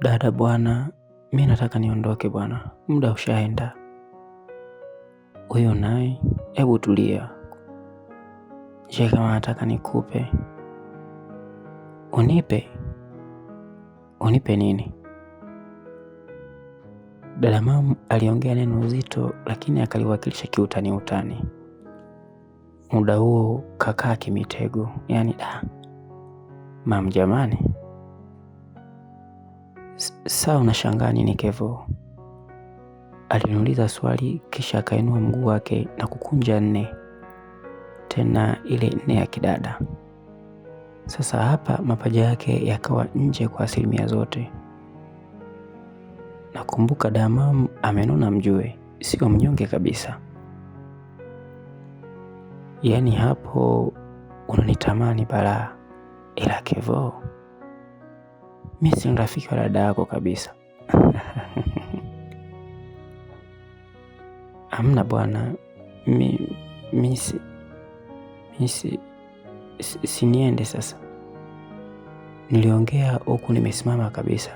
Dada bwana, mi nataka niondoke bwana, muda ushaenda. Huyo naye hebu tulia. Je, kama nataka nikupe unipe? Unipe nini? Dada Mamu aliongea neno uzito, lakini akaliwakilisha kiutani utani. Muda huo kakaa kimitego, yaani da mam, jamani, Saa unashangaa nini Kevo? Aliniuliza swali kisha akainua mguu wake na kukunja nne, tena ile nne ya kidada. Sasa hapa mapaja yake yakawa nje kwa asilimia zote. Nakumbuka Damam amenona mjue, sio mnyonge kabisa. Yaani hapo unanitamani balaa, ila Kevo mi si rafiki wa dada yako kabisa. Amna bwana, mi mi si mi si siniende sasa. Niliongea huku nimesimama kabisa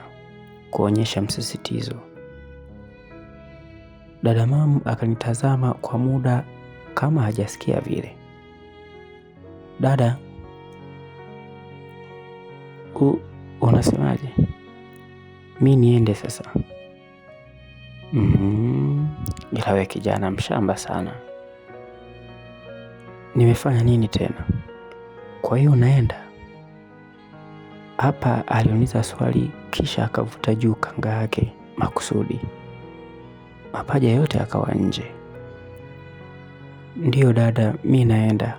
kuonyesha msisitizo. Dada Mamu akanitazama kwa muda kama hajasikia vile. Dada u, Unasemaje? Mi niende sasa? Mm, ila we kijana mshamba sana. Nimefanya nini tena? Kwa hiyo unaenda? Hapa aliuliza swali kisha akavuta juu kanga yake makusudi, mapaja yote akawa nje. Ndiyo dada, mi naenda.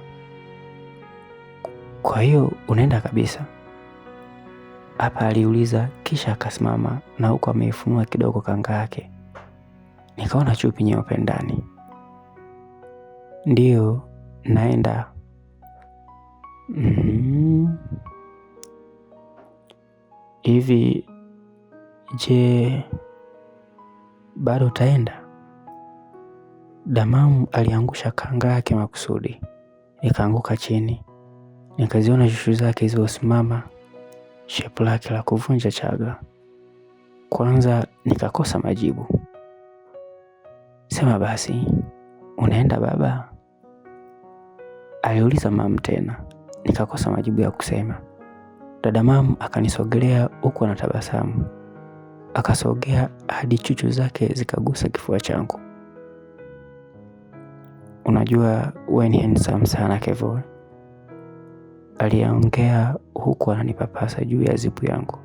Kwa hiyo unaenda kabisa? Hapa aliuliza kisha akasimama na huko ameifunua kidogo kanga yake. Nikaona chupi nyeupe ndani. Ndiyo, naenda. Mm. Hivi je, bado utaenda? Damamu aliangusha kanga yake makusudi, ikaanguka chini. Nikaziona shushu zake zilizosimama shepu lake la kuvunja chaga. Kwanza nikakosa majibu. Sema basi, unaenda baba? aliuliza mam tena. Nikakosa majibu ya kusema. Dada mamu akanisogelea huku anatabasamu, akasogea hadi chuchu zake zikagusa kifua changu. Unajua, wewe ni handsome sana Kevoo Aliongea huku ananipapasa juu ya zipu yangu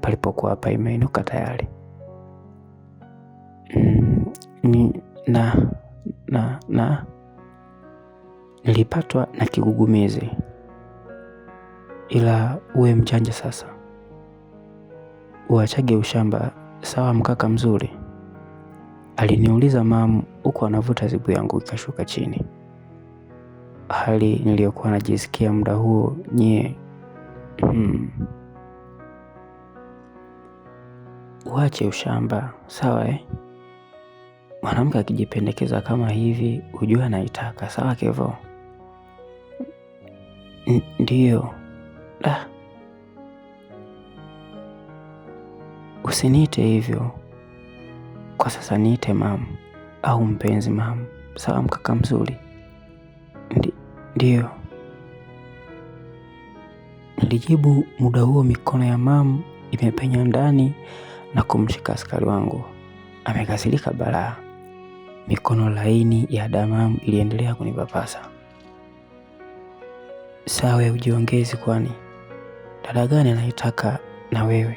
palipokuwa imeinuka tayari. Mm, ni, na, na, na nilipatwa na kigugumizi, ila uwe mchanja sasa, uachage ushamba sawa, mkaka mzuri, aliniuliza mamu huku anavuta zipu yangu ikashuka chini hali niliyokuwa najisikia muda huo nyie. Hmm. Uache ushamba sawa, eh? Mwanamke akijipendekeza kama hivi ujue anaitaka, sawa Kevo? Ndiyo. Da, usiniite hivyo kwa sasa, niite mamu au mpenzi mamu, sawa mkaka mzuri. Ndiyo, nilijibu muda huo mikono ya mamu imepenya ndani na kumshika askari wangu. Amekasirika balaa. Mikono laini ya damamu iliendelea kunipapasa. Sawa, ujiongezi, kwani dada gani anaitaka na wewe?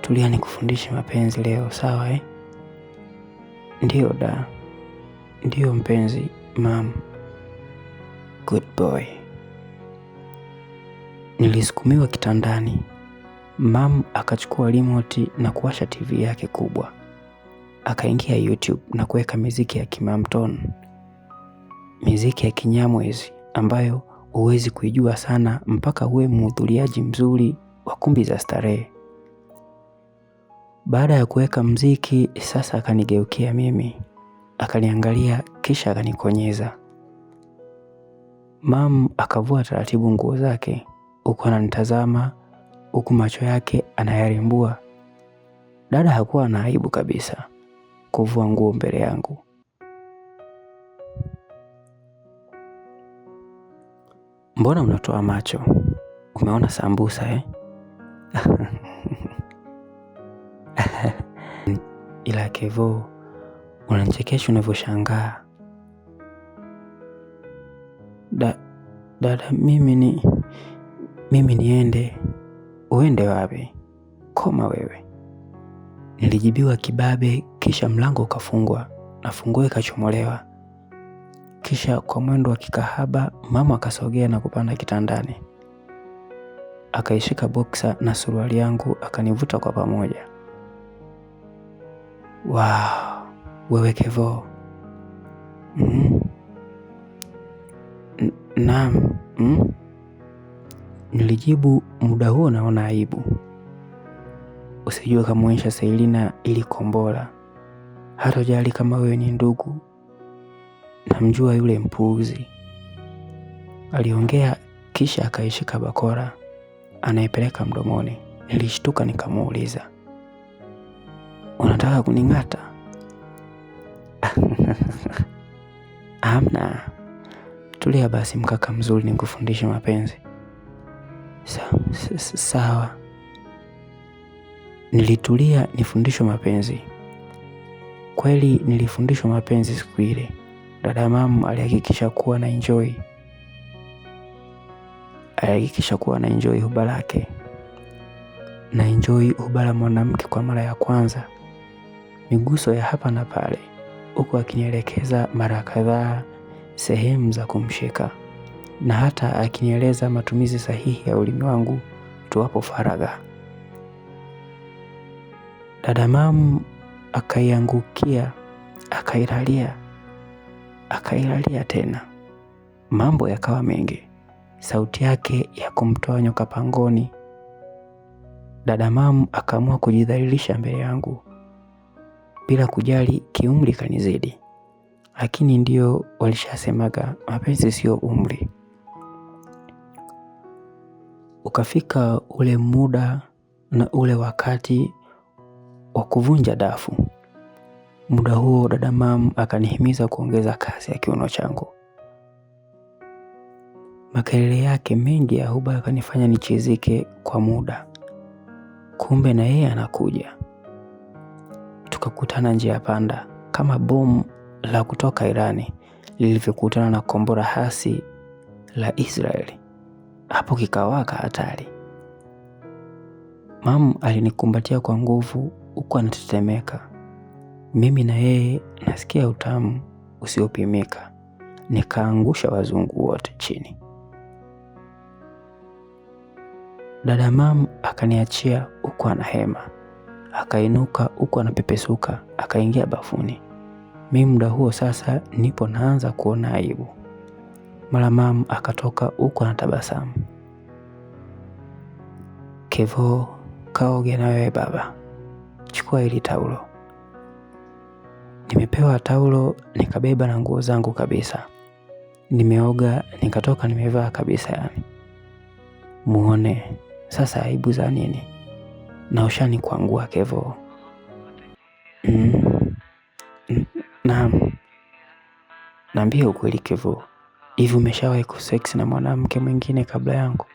Tulia nikufundishe mapenzi leo, sawa eh? Ndiyo da, ndiyo mpenzi. Mom, good boy. Nilisukumiwa kitandani. Mam akachukua remote na kuwasha TV yake kubwa, akaingia YouTube na kuweka miziki ya Kimamton, miziki ya Kinyamwezi ambayo huwezi kuijua sana mpaka uwe mhudhuriaji mzuri wa kumbi za starehe. Baada ya kuweka mziki, sasa akanigeukia mimi akaniangalia kisha akanikonyeza. Mam akavua taratibu nguo zake, huku ananitazama, huku macho yake anayarimbua. Dada hakuwa na aibu kabisa kuvua nguo mbele yangu. Mbona unatoa macho? Umeona sambusa eh? Ila Kevoo Unanichekesha unavyoshangaa. Da, dada mimi ni mimi niende. Uende wapi? Koma wewe. Nilijibiwa kibabe, kisha mlango ukafungwa na funguo ikachomolewa. Kisha kwa mwendo wa kikahaba mama akasogea na kupanda kitandani, akaishika boksa na suruali yangu akanivuta kwa pamoja. Wow. Kevo. Mm. Mm-hmm. Naam. Mm. Nilijibu muda huo naona aibu. Usijue kamwonyesha Selina ili kombola. Hatojali kama wewe ni ndugu. Namjua yule mpuuzi. Aliongea kisha akaishika bakora anaipeleka mdomoni. Nilishtuka nikamuuliza, unataka kuning'ata? amna Tulia basi mkaka mzuri, nikufundishe mapenzi. Sawa, sawa. Nilitulia nifundishwe mapenzi. Kweli nilifundishwa mapenzi siku ile. Dada Mamu alihakikisha kuwa na enjoy, alihakikisha kuwa na enjoy huba lake, na enjoy huba la mwanamke kwa mara ya kwanza, miguso ya hapa na pale huku akinielekeza mara kadhaa sehemu za kumshika na hata akinieleza matumizi sahihi ya ulimi wangu tuwapo faragha. Dada Mamu akaiangukia, akailalia, akailalia tena. Mambo yakawa mengi. Sauti yake ya kumtoa nyoka pangoni, Dada Mamu akaamua kujidhalilisha mbele yangu bila kujali kiumri kanizidi. Lakini ndio walishasemaga mapenzi sio umri. Ukafika ule muda na ule wakati wa kuvunja dafu. Muda huo dada mam akanihimiza kuongeza kasi ya kiuno changu. Makelele yake mengi ya huba yakanifanya nichizike kwa muda. Kumbe na yeye anakuja tukakutana njia panda, kama bomu la kutoka Irani lilivyokutana na kombora hasi la Israeli. Hapo kikawaka hatari. Mamu alinikumbatia kwa nguvu huku anatetemeka. Mimi na yeye nasikia utamu usiopimika. Nikaangusha wazungu wote chini. Dada mamu akaniachia huku anahema. Akainuka huku anapepesuka, akaingia bafuni. Mi muda huo sasa nipo naanza kuona aibu. Mara mamu akatoka huku anatabasamu, Kevo, kaoge na wewe baba, chukua hili taulo. Nimepewa taulo, nikabeba na nguo zangu kabisa, nimeoga nikatoka, nimevaa kabisa, yani muone sasa aibu za nini? na ushani kuangua kevo. Mm. mm. Naam, naambia ukweli kevo, hivi umeshawahi kusex na mwanamke mwingine kabla yangu?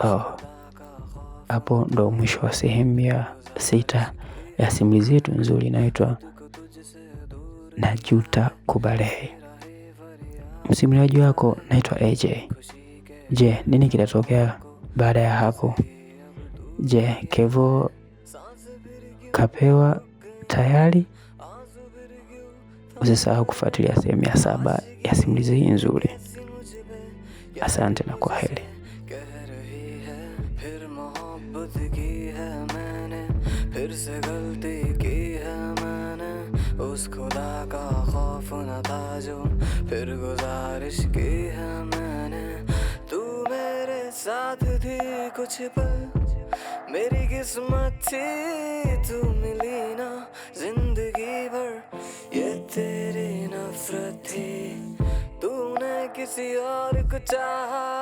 Oh. Hapo oh, ndo mwisho wa sehemu ya sita ya simulizi yetu nzuri inaitwa Najuta Kubalehe. Msimuliaji wako naitwa AJ. Je, nini kitatokea baada ya hapo? Je, Kevo kapewa tayari? Usisahau kufuatilia sehemu ya saba ya simulizi hii nzuri. Asante na kwa heri. फिर से गलती उस खुदा का खौफ न था जो फिर गुजारिश की है मैंने तू मेरे साथ थी कुछ पल मेरी किस्मत थी तू मिली ना जिंदगी भर ये तेरी नफरत थी तूने किसी और को चाहा